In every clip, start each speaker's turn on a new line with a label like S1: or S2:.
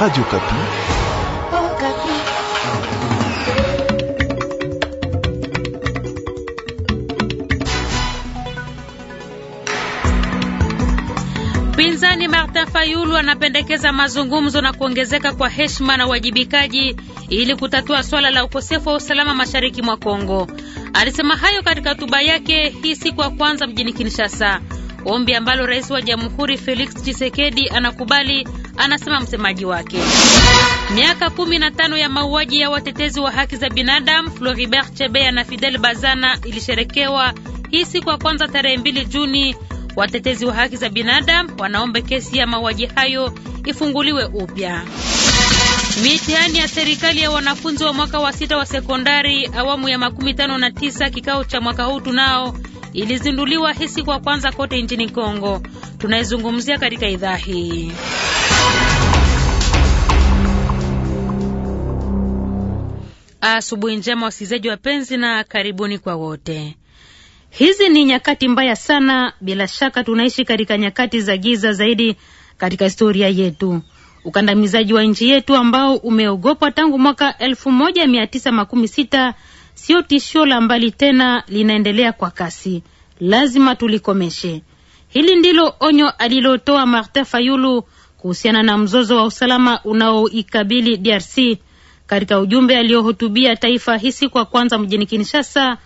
S1: Radio Kapi.
S2: Oh, Kapi.
S3: Mpinzani Martin Fayulu anapendekeza mazungumzo na kuongezeka kwa heshima na uwajibikaji ili kutatua swala la ukosefu wa usalama mashariki mwa Kongo. Alisema hayo katika hotuba yake hii siku ya kwanza mjini Kinshasa. Ombi ambalo Rais wa Jamhuri Felix Tshisekedi anakubali anasema msemaji wake. Miaka kumi na tano ya mauaji ya watetezi wa haki za binadamu Floribert chebea na Fidel Bazana ilisherekewa hii siku ya kwanza tarehe mbili Juni. Watetezi wa haki za binadamu wanaomba kesi ya mauaji hayo ifunguliwe upya. Mitihani ya serikali ya wanafunzi wa mwaka wa sita wa sekondari awamu ya makumi tano na tisa kikao cha mwaka huu tunao ilizinduliwa hii siku ya kwanza kote nchini Kongo. Tunaizungumzia katika idhaa hii. Asubuhi njema wasikilizaji wapenzi, na karibuni kwa wote. Hizi ni nyakati mbaya sana, bila shaka tunaishi katika nyakati za giza zaidi katika historia yetu. Ukandamizaji wa nchi yetu ambao umeogopwa tangu mwaka elfu moja mia tisa makumi sita sio tishio la mbali tena, linaendelea kwa kasi. Lazima tulikomeshe. Hili ndilo onyo alilotoa Martin Fayulu kuhusiana na mzozo wa usalama unaoikabili DRC katika ujumbe aliyohutubia taifa hii siku ya kwanza mjini Kinshasa,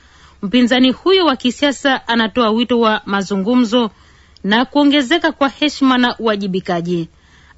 S3: mpinzani huyo wa kisiasa anatoa wito wa mazungumzo na kuongezeka kwa heshima na uwajibikaji.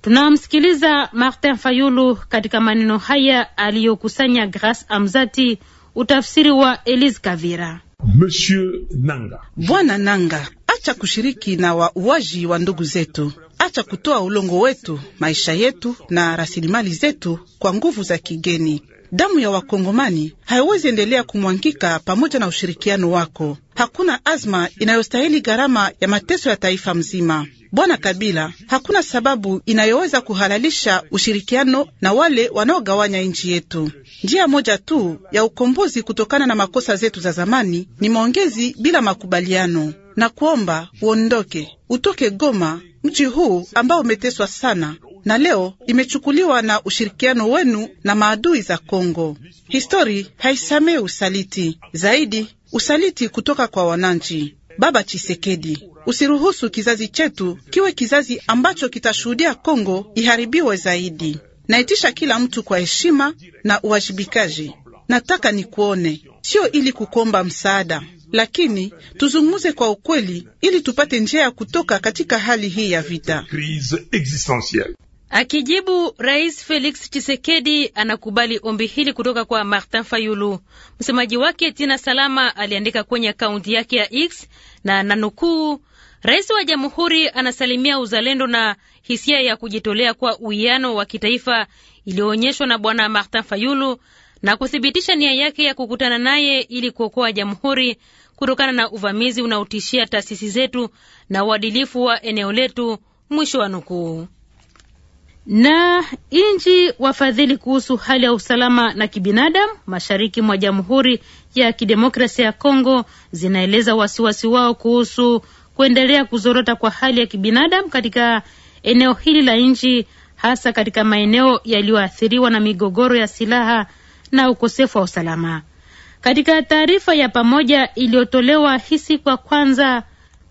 S3: Tunamsikiliza Martin Fayulu katika maneno haya aliyokusanya Grace Amzati, utafsiri wa Elise Kavira.
S1: Monsieur Nanga,
S3: Bwana
S4: Nanga, acha kushiriki na wauaji wa ndugu zetu. Acha kutoa ulongo wetu, maisha yetu na rasilimali zetu kwa nguvu za kigeni. Damu ya wakongomani haiwezi endelea kumwangika pamoja na ushirikiano wako. Hakuna azma inayostahili gharama ya mateso ya taifa mzima. Bwana Kabila, hakuna sababu inayoweza kuhalalisha ushirikiano na wale wanaogawanya nchi yetu. Njia moja tu ya ukombozi kutokana na makosa zetu za zamani ni maongezi bila makubaliano, na kuomba uondoke, utoke Goma mji huu ambao umeteswa sana na leo imechukuliwa na ushirikiano wenu na maadui za Kongo. Histori haisamee usaliti, zaidi usaliti kutoka kwa wananchi. Baba Chisekedi, usiruhusu kizazi chetu kiwe kizazi ambacho kitashuhudia Kongo iharibiwe zaidi. Naitisha kila mtu kwa heshima na uwajibikaji. Nataka nikuone, sio ili kukomba msaada lakini tuzungumze kwa ukweli ili tupate njia ya kutoka katika hali hii ya vita.
S3: Akijibu, Rais Felix Tshisekedi anakubali ombi hili kutoka kwa Martin Fayulu. Msemaji wake Tina Salama aliandika kwenye akaunti yake ya X na nanukuu, Rais wa Jamhuri anasalimia uzalendo na hisia ya kujitolea kwa uwiano wa kitaifa iliyoonyeshwa na Bwana Martin Fayulu na kuthibitisha nia yake ya kukutana naye ili kuokoa Jamhuri kutokana na uvamizi unaotishia taasisi zetu na uadilifu wa eneo letu. Mwisho wa nukuu. Na nchi wafadhili kuhusu hali ya usalama na kibinadamu mashariki mwa Jamhuri ya Kidemokrasia ya Kongo zinaeleza wasiwasi wao kuhusu kuendelea kuzorota kwa hali ya kibinadamu katika eneo hili la nchi, hasa katika maeneo yaliyoathiriwa na migogoro ya silaha na ukosefu wa usalama. Katika taarifa ya pamoja iliyotolewa hisi kwa kwanza,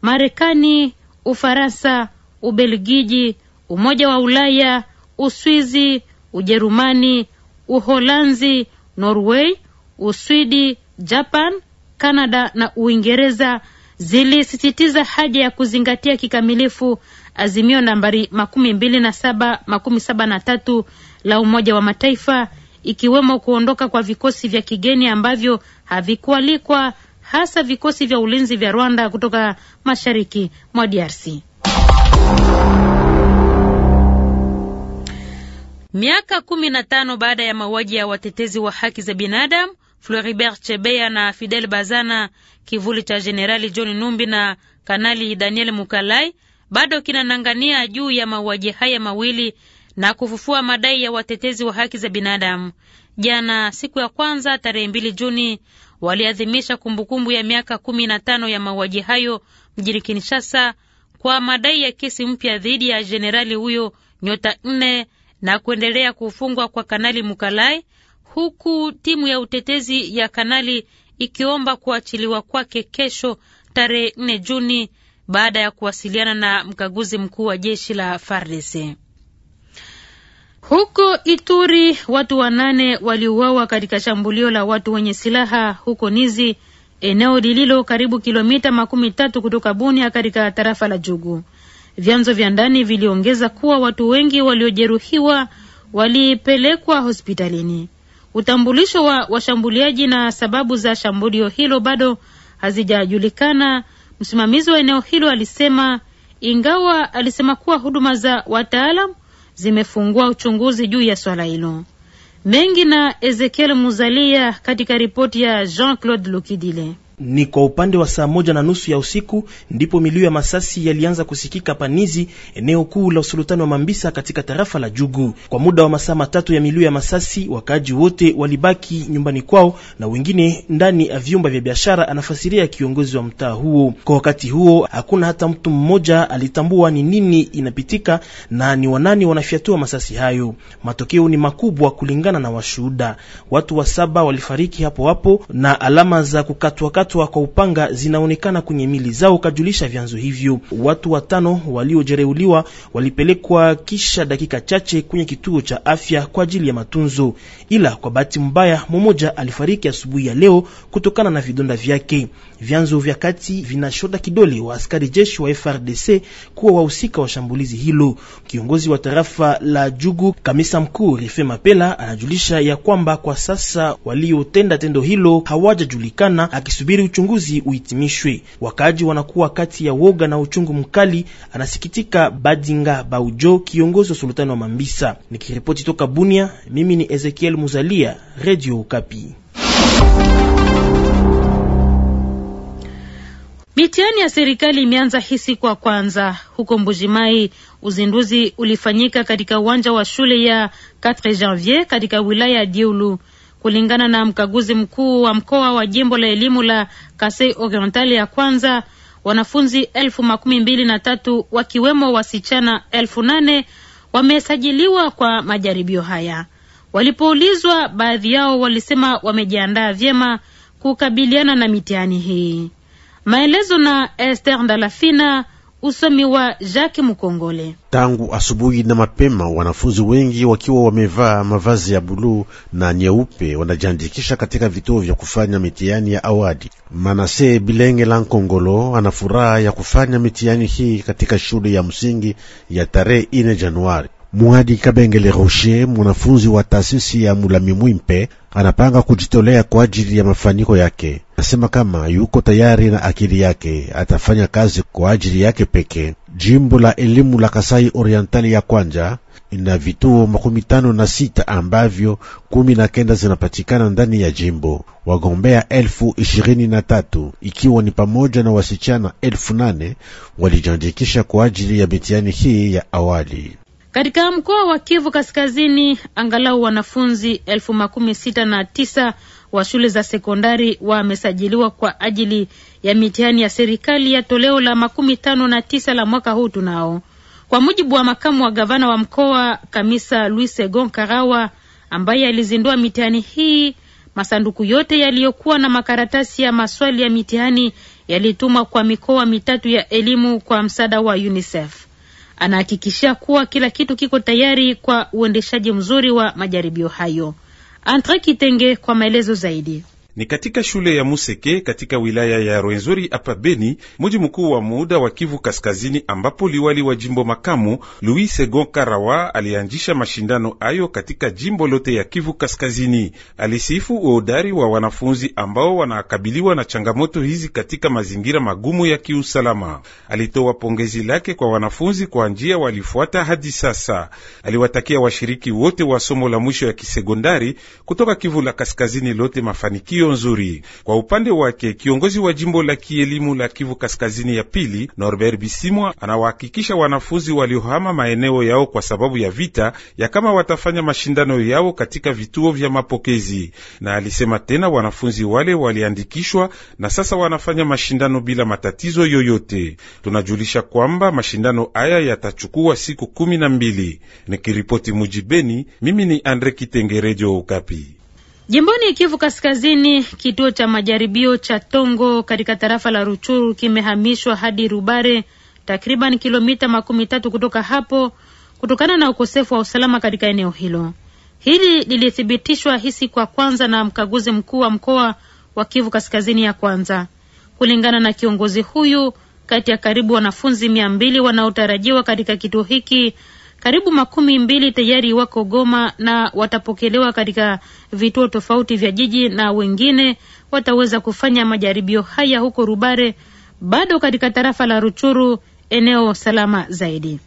S3: Marekani, Ufaransa, Ubelgiji, Umoja wa Ulaya, Uswizi, Ujerumani, Uholanzi, Norway, Uswidi, Japan, Kanada na Uingereza zilisisitiza haja ya kuzingatia kikamilifu azimio nambari makumi mbili na saba makumi saba na tatu la Umoja wa Mataifa ikiwemo kuondoka kwa vikosi vya kigeni ambavyo havikualikwa, hasa vikosi vya ulinzi vya Rwanda kutoka mashariki mwa DRC. Miaka kumi na tano baada ya mauaji ya watetezi wa haki za binadamu Floribert Chebeya na Fidel Bazana, kivuli cha Jenerali John Numbi na Kanali Daniel Mukalai bado kinanangania juu ya mauaji haya mawili na kufufua madai ya watetezi wa haki za binadamu. Jana siku ya kwanza tarehe mbili Juni waliadhimisha kumbukumbu ya miaka kumi na tano ya mauaji hayo mjini Kinshasa kwa madai ya kesi mpya dhidi ya jenerali huyo nyota nne na kuendelea kufungwa kwa Kanali Mukalai, huku timu ya utetezi ya kanali ikiomba kuachiliwa kwake kesho tarehe 4 Juni baada ya kuwasiliana na mkaguzi mkuu wa jeshi la FARDC. Huko Ituri watu wanane waliuawa katika shambulio la watu wenye silaha huko Nizi, eneo lililo karibu kilomita makumi tatu kutoka Bunia katika tarafa la Jugu. Vyanzo vya ndani viliongeza kuwa watu wengi waliojeruhiwa walipelekwa hospitalini. Utambulisho wa washambuliaji na sababu za shambulio hilo bado hazijajulikana, msimamizi wa eneo hilo alisema, ingawa alisema kuwa huduma za wataalam zimefungua uchunguzi juu ya swala hilo. Mengi na Ezekiel Muzalia katika ripoti ya Jean Claude Lukidile.
S2: Ni kwa upande wa saa moja na nusu ya usiku ndipo milio ya masasi yalianza kusikika Panizi, eneo kuu la usultani wa Mambisa katika tarafa la Jugu. Kwa muda wa masaa matatu ya milio ya masasi, wakaaji wote walibaki nyumbani kwao na wengine ndani ya vyumba vya biashara, anafasiria kiongozi wa mtaa huo. Kwa wakati huo, hakuna hata mtu mmoja alitambua ni nini inapitika na ni wanani wanafyatua masasi hayo. Matokeo ni makubwa kulingana na washuhuda, watu wa saba walifariki hapo hapo na alama za kukatwakatwa kukatwa kwa upanga zinaonekana kwenye mili zao, kajulisha vyanzo hivyo. Watu watano waliojereuliwa walipelekwa kisha dakika chache kwenye kituo cha afya kwa ajili ya matunzo, ila kwa bahati mbaya mmoja alifariki asubuhi ya leo kutokana na vidonda vyake. Vyanzo vya kati vinashoda kidole wa askari jeshi wa FRDC kuwa wahusika wa shambulizi hilo. Kiongozi wa tarafa la Jugu, kamisa mkuu Rife Mapela, anajulisha ya kwamba kwa sasa waliotenda tendo hilo hawajajulikana, akisubiri ili uchunguzi uhitimishwe. Wakaaji wanakuwa kati ya woga na uchungu mkali, anasikitika Badinga Baujo, kiongozi wa sultani wa Mambisa. Nikiripoti toka Bunia, mimi ni Ezekiel Muzalia, Radio Okapi.
S3: Mitihani ya serikali imeanza hisi kwa kwanza huko Mbujimai. Uzinduzi ulifanyika katika uwanja wa shule ya 4 Janvier katika wilaya ya Diulu. Kulingana na mkaguzi mkuu wa mkoa wa jimbo la elimu la Kasai Orientali ya kwanza, wanafunzi elfu makumi mbili na tatu wakiwemo wasichana elfu nane wamesajiliwa kwa majaribio haya. Walipoulizwa, baadhi yao walisema wamejiandaa vyema kukabiliana na mitihani hii. Maelezo na Esther Ndalafina. Usomi wa Jacques Mukongole.
S2: Tangu asubuhi na mapema, wanafunzi wengi wakiwa wamevaa mavazi ya buluu na nyeupe wanajiandikisha katika vituo vya kufanya mitihani ya awadi. Manase Bilenge la Nkongolo ana furaha ya kufanya mitihani hii katika shule ya msingi ya tarehe 4 Januari. Mwadi Kabengele Roche, mwanafunzi wa taasisi ya Mulami Mwimpe, anapanga kujitolea kwa ajili ya mafanikio yake. Anasema kama yuko tayari na akili yake atafanya kazi kwa ajili yake peke. Jimbo la elimu la Kasai Orientali ya kwanja ina vituo makumi tano na sita ambavyo kumi na kenda zinapatikana ndani ya jimbo. Wagombea elfu ishirini na tatu ikiwa ni pamoja na wasichana elfu nane walijiandikisha kwa ajili ya mitihani hii ya awali.
S3: Katika mkoa wa Kivu Kaskazini, angalau wanafunzi elfu makumi sita na tisa wa shule za sekondari wamesajiliwa kwa ajili ya mitihani ya serikali ya toleo la makumi tano na tisa la mwaka huu tunao, kwa mujibu wa makamu wa gavana wa mkoa Kamisa Luis Segon Karawa ambaye alizindua mitihani hii. Masanduku yote yaliyokuwa na makaratasi ya maswali ya mitihani yalitumwa kwa mikoa mitatu ya elimu kwa msaada wa UNICEF anahakikishia kuwa kila kitu kiko tayari kwa uendeshaji mzuri wa majaribio hayo. Andre Kitenge kwa maelezo zaidi
S1: ni katika shule ya Museke katika wilaya ya Rwenzori hapa Beni, mji mkuu wa muda wa Kivu Kaskazini, ambapo liwali wa jimbo makamu Louis Segon Karawa alianzisha mashindano ayo katika jimbo lote ya Kivu Kaskazini. Alisifu uhodari wa wanafunzi ambao wanakabiliwa na changamoto hizi katika mazingira magumu ya kiusalama. Alitoa pongezi lake kwa wanafunzi kwa njia walifuata hadi sasa. Aliwatakia washiriki wote wa somo la mwisho ya kisekondari kutoka Kivu la Kaskazini lote mafanikio siyo nzuri. Kwa upande wake, kiongozi wa jimbo la kielimu la Kivu Kaskazini ya pili, Norbert Bisimwa, anawahakikisha wanafunzi waliohama maeneo yao kwa sababu ya vita ya kama watafanya mashindano yao katika vituo vya mapokezi, na alisema tena wanafunzi wale waliandikishwa na sasa wanafanya mashindano bila matatizo yoyote. Tunajulisha kwamba mashindano haya yatachukua siku kumi na mbili. Nikiripoti mujibeni, mimi ni Andre Kitenge, Redio Okapi.
S3: Jimboni Kivu Kaskazini, kituo cha majaribio cha Tongo katika tarafa la Ruchuru kimehamishwa hadi Rubare, takriban kilomita makumi tatu kutoka hapo, kutokana na ukosefu wa usalama katika eneo hilo. Hili lilithibitishwa hisi kwa kwanza na mkaguzi mkuu wa mkoa wa Kivu Kaskazini ya kwanza. Kulingana na kiongozi huyu, kati ya karibu wanafunzi mia mbili wanaotarajiwa katika kituo hiki karibu makumi mbili tayari wako Goma na watapokelewa katika vituo tofauti vya jiji na wengine wataweza kufanya majaribio haya huko Rubare, bado katika tarafa la Ruchuru, eneo salama zaidi.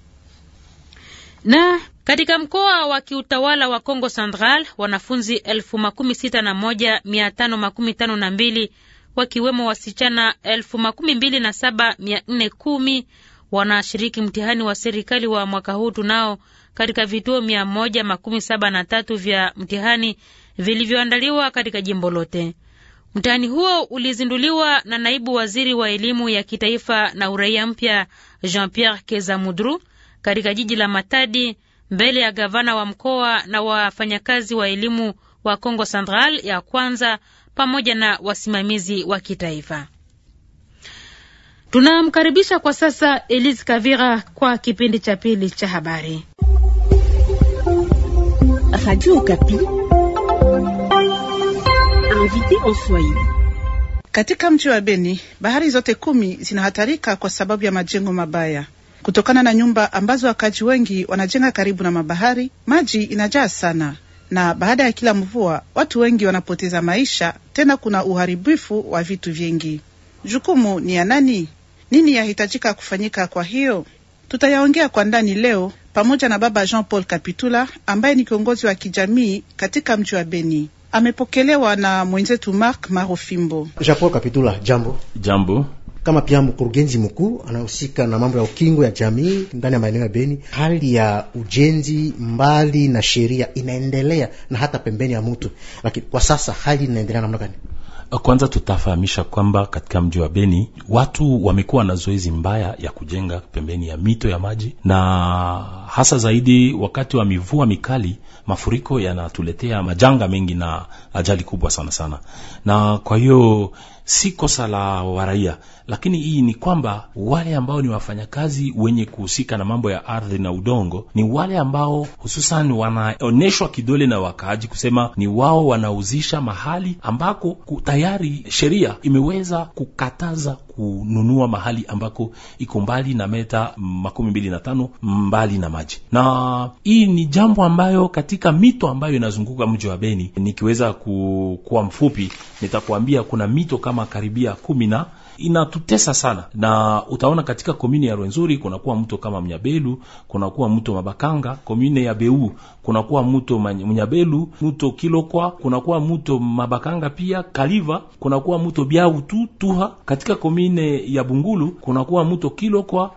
S3: Na katika mkoa wa kiutawala wa Congo Central, wanafunzi elfu makumi sita na moja mia tano makumi tano na mbili wakiwemo wasichana elfu makumi mbili na saba mia nne kumi wanashiriki mtihani wa serikali wa mwaka huu tunao katika vituo mia moja makumi saba na tatu vya mtihani vilivyoandaliwa katika jimbo lote. Mtihani huo ulizinduliwa na naibu waziri wa elimu ya kitaifa na uraia mpya Jean Pierre Kezamudru katika jiji la Matadi mbele ya gavana wa mkoa na wafanyakazi wa elimu wa congo Central ya kwanza pamoja na wasimamizi wa kitaifa. Tunamkaribisha kwa sasa Elise Kavira kwa kipindi cha pili cha habari.
S4: Katika mji wa Beni, bahari zote kumi zinahatarika kwa sababu ya majengo mabaya. Kutokana na nyumba ambazo wakaji wengi wanajenga karibu na mabahari, maji inajaa sana, na baada ya kila mvua watu wengi wanapoteza maisha. Tena kuna uharibifu wa vitu vingi. Jukumu ni ya nani? Nini yahitajika kufanyika? Kwa hiyo tutayaongea kwa ndani leo pamoja na Baba Jean Paul Kapitula ambaye ni kiongozi wa kijamii katika mji wa Beni. Amepokelewa na mwenzetu Mark Marofimbo.
S2: Jean Paul Kapitula, jambo. Jambo. Kama pia mkurugenzi mkuu anahusika na mambo ya ukingo ya jamii ndani ya maeneo ya Beni, hali ya ujenzi mbali na sheria inaendelea na hata pembeni ya mtu, lakini kwa sasa hali inaendelea namna gani?
S5: Eh, kwanza tutafahamisha kwamba katika mji wa Beni watu wamekuwa na zoezi mbaya ya kujenga pembeni ya mito ya maji, na hasa zaidi wakati wa mivua mikali, mafuriko yanatuletea majanga mengi na ajali kubwa sana sana, na kwa hiyo si kosa la waraia, lakini hii ni kwamba wale ambao ni wafanyakazi wenye kuhusika na mambo ya ardhi na udongo ni wale ambao hususan wanaonyeshwa kidole na wakaaji kusema ni wao wanauzisha mahali ambako tayari sheria imeweza kukataza kununua mahali ambako iko mbali na meta makumi mbili na tano mbali na maji, na hii ni jambo ambayo katika mito ambayo inazunguka mji wa Beni, nikiweza kuwa mfupi nitakuambia kuna mito kama karibia kumi na inatutesa sana, na utaona katika komune ya Rwenzori kunakuwa mto kama Mnyabelu, kunakuwa mto Mabakanga, komune ya Beu kunakuwa mto Mnyabelu, mto Kilokwa, kunakuwa mto Mabakanga pia Kaliva, kunakuwa mto Biautu Tuha. Katika komune ya Bungulu kunakuwa mto Kilokwa,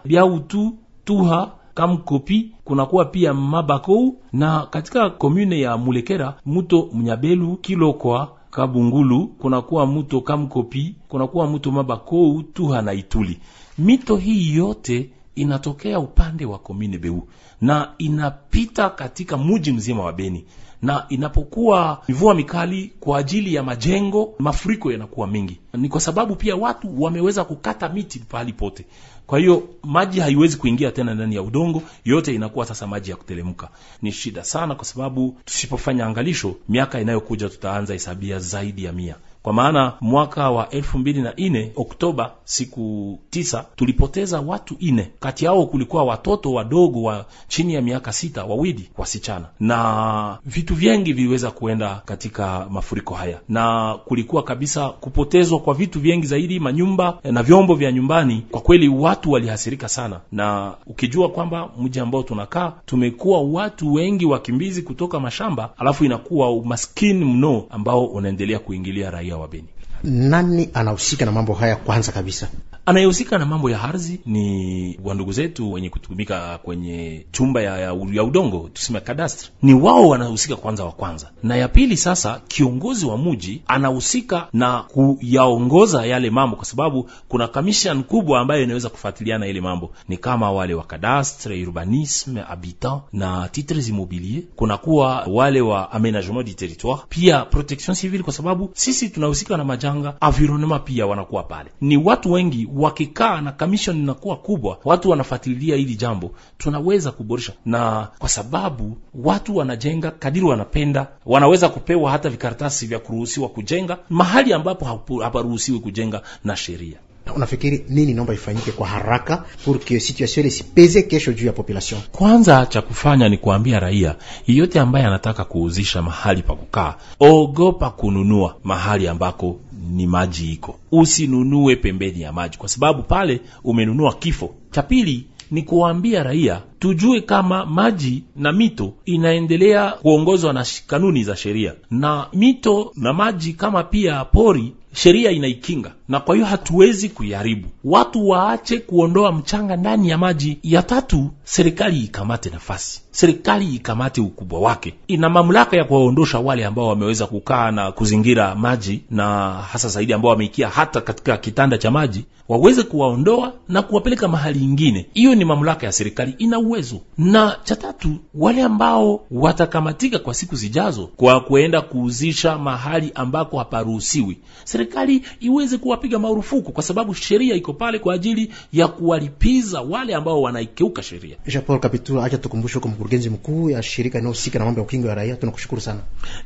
S5: tu Tuha, Kamkopi kunakuwa pia Mabakou, na katika komune ya Mulekera mto Mnyabelu, Kilokwa Kabungulu, kunakuwa muto Kamkopi, kunakuwa muto Mabakou, Tuha na Ituli. Mito hii yote inatokea upande wa komine Beu na inapita katika muji mzima wa Beni na inapokuwa mvua mikali kwa ajili ya majengo, mafuriko yanakuwa mengi. Ni kwa sababu pia watu wameweza kukata miti pahali pote, kwa hiyo maji haiwezi kuingia tena ndani ya udongo, yote inakuwa sasa maji ya kutelemka. Ni shida sana, kwa sababu tusipofanya angalisho, miaka inayokuja tutaanza hesabia zaidi ya mia. Kwa maana mwaka wa elfu mbili na ine Oktoba siku tisa tulipoteza watu ine, kati yao kulikuwa watoto wadogo wa chini ya miaka sita wawili wasichana, na vitu vyengi viliweza kuenda katika mafuriko haya, na kulikuwa kabisa kupotezwa kwa vitu vyengi zaidi, manyumba eh, na vyombo vya nyumbani. Kwa kweli watu walihasirika sana, na ukijua kwamba mji ambao tunakaa tumekuwa watu wengi wakimbizi kutoka mashamba, alafu inakuwa umaskini mno ambao unaendelea kuingilia raia wa Beni.
S2: Nani anahusika na mambo haya kwanza kabisa?
S5: Anayehusika na mambo ya ardhi ni wandugu zetu wenye kutumika kwenye chumba ya, ya, ya udongo tuseme kadastre ni wao wanahusika kwanza wa kwanza. Na ya pili sasa, kiongozi wa muji anahusika na kuyaongoza yale mambo, kwa sababu kuna kamishan kubwa ambayo inaweza kufuatiliana ile mambo, ni kama wale wa kadastre, urbanisme, habitant na titres immobilier, kunakuwa wale wa aménagement du territoire, pia protection civile, kwa sababu sisi tunahusika na majanga environnement, pia wanakuwa pale. Ni watu wengi wakikaa na commission inakuwa kubwa, watu wanafuatilia hili jambo, tunaweza kuboresha, na kwa sababu watu wanajenga kadiri wanapenda, wanaweza kupewa hata vikaratasi vya kuruhusiwa kujenga
S2: mahali ambapo haparuhusiwi kujenga na sheria unafikiri nini naomba ifanyike kwa haraka pour situation ile isipeze kesho juu ya population?
S5: Kwanza cha kufanya ni kuambia raia yeyote ambaye anataka kuuzisha mahali pa kukaa, ogopa kununua mahali ambako ni maji iko, usinunue pembeni ya maji, kwa sababu pale umenunua kifo. Cha pili ni kuambia raia tujue kama maji na mito inaendelea kuongozwa na kanuni za sheria, na mito na maji kama pia pori, sheria inaikinga na kwa hiyo hatuwezi kuiharibu. Watu waache kuondoa mchanga ndani ya maji. Ya tatu, serikali ikamate nafasi, serikali ikamate ukubwa wake. Ina mamlaka ya kuwaondosha wale ambao wameweza kukaa na kuzingira maji, na hasa zaidi ambao wameikia hata katika kitanda cha maji, waweze kuwaondoa na kuwapeleka mahali ingine. Hiyo ni mamlaka ya serikali, ina uwezo. Na cha tatu, wale ambao watakamatika kwa siku zijazo kwa kuenda kuuzisha mahali ambako haparuhusiwi, serikali iweze kuwa kuwapiga marufuku, kwa sababu sheria iko pale kwa ajili ya
S2: kuwalipiza wale ambao wanaikeuka sheria. Jean Paul Kapitula, acha tukumbushe kwa mkurugenzi mkuu ya shirika inayohusika na mambo ya ukingo ya raia, tunakushukuru sana.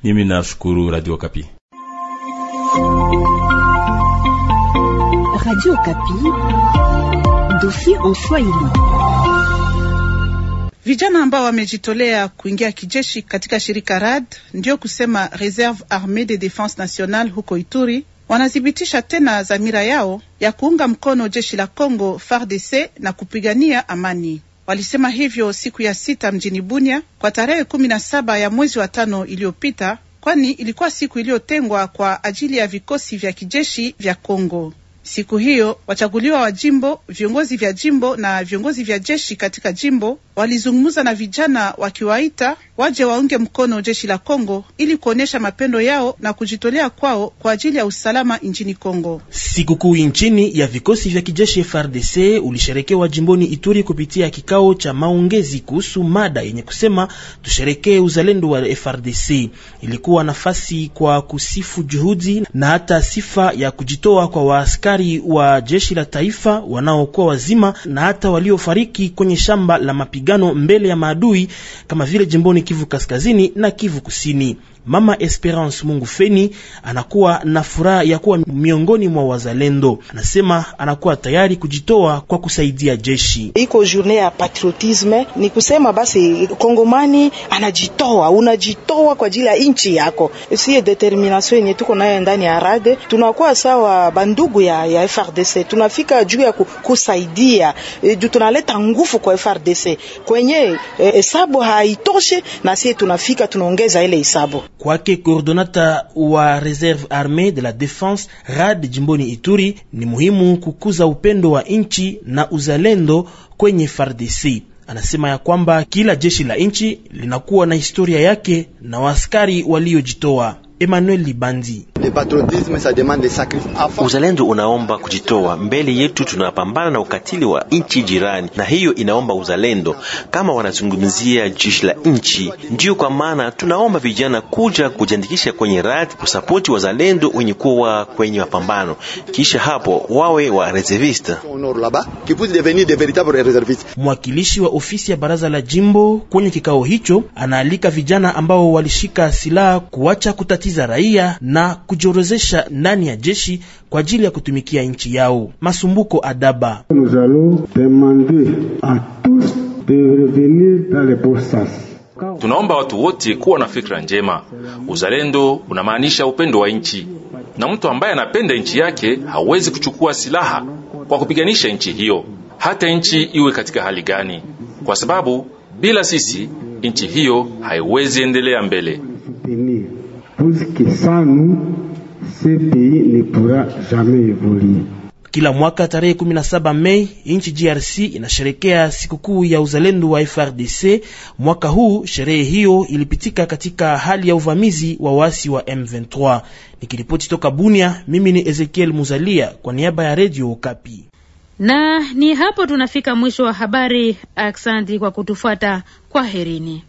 S5: Mimi nashukuru Radio Kapi.
S4: Radio Kapi, dossier en Swahili. Vijana ambao wamejitolea kuingia kijeshi katika shirika RAD, ndio kusema Reserve Armee de Defense Nationale huko Ituri, wanathibitisha tena dhamira yao ya kuunga mkono jeshi la Congo FARDC na kupigania amani. Walisema hivyo siku ya sita mjini Bunia kwa tarehe kumi na saba ya mwezi wa tano iliyopita, kwani ilikuwa siku iliyotengwa kwa ajili ya vikosi vya kijeshi vya Congo. Siku hiyo wachaguliwa wa jimbo, viongozi vya jimbo na viongozi vya jeshi katika jimbo walizungumza na vijana wakiwaita waje waunge mkono jeshi la Kongo ili kuonyesha mapendo yao na kujitolea kwao kwa ajili ya usalama nchini Kongo.
S2: Sikukuu nchini ya vikosi vya kijeshi frdc ulisherekewa jimboni Ituri kupitia kikao cha maongezi kuhusu mada yenye kusema tusherekee uzalendo wa frdc Ilikuwa nafasi kwa kusifu juhudi na hata sifa ya kujitoa kwa waaskari askari wa jeshi la taifa wanaokuwa wazima na hata waliofariki kwenye shamba la mapigano mbele ya maadui kama vile jimboni Kivu Kaskazini na Kivu Kusini. Mama Esperance Mungu Feni anakuwa na furaha ya kuwa miongoni mwa wazalendo. Anasema anakuwa tayari kujitoa kwa kusaidia jeshi.
S4: Iko journée ya patriotisme, ni kusema basi kongomani anajitoa, unajitoa kwa ajili ya nchi yako. Sie determination yenye tuko nayo ndani ya rade, tunakuwa sawa bandugu ya, ya FRDC, tunafika juu ya kusaidia e, tunaleta nguvu kwa FRDC kwenye e, e, hesabu e, haitoshe, na sie tunafika tunaongeza ile hesabu
S2: Kwake koordonata wa reserve armee de la defense RAD jimboni Ituri, ni muhimu kukuza upendo wa nchi na uzalendo kwenye FARDC. Anasema ya kwamba kila jeshi la nchi linakuwa na historia yake na waskari waliojitoa. Emmanuel Libandi Uzalendo unaomba kujitoa mbele yetu. Tunapambana na ukatili wa nchi jirani, na hiyo inaomba uzalendo, kama wanazungumzia jeshi la nchi. Ndiyo kwa maana tunaomba vijana kuja kujiandikisha kwenye rati kusapoti wazalendo wenye kuwa kwenye mapambano, kisha hapo wawe wa reservista. Mwakilishi wa ofisi ya baraza la jimbo kwenye kikao hicho anaalika vijana ambao walishika silaha kuacha kutatiza raia na kujiorozesha ndani ya jeshi kwa ajili ya kutumikia nchi yao. Masumbuko Adaba Tunaomba
S5: watu wote kuwa na fikra njema. Uzalendo unamaanisha upendo wa nchi, na mtu ambaye anapenda nchi yake hawezi kuchukua silaha kwa kupiganisha nchi hiyo, hata nchi iwe katika hali gani, kwa sababu bila sisi nchi hiyo haiwezi endelea mbele
S2: ce pays ne pourra jamais évoluer. Kila mwaka tarehe 17 Mei nchi DRC inasherekea sikukuu ya uzalendo wa FRDC. Mwaka huu sherehe hiyo ilipitika katika hali ya uvamizi wa waasi wa M23. Nikiripoti toka Bunia, mimi ni Ezekiel Muzalia kwa niaba ya Radio Kapi.
S3: Na ni hapo tunafika mwisho wa habari. Aksandi kwa kutufuata, kwaherini.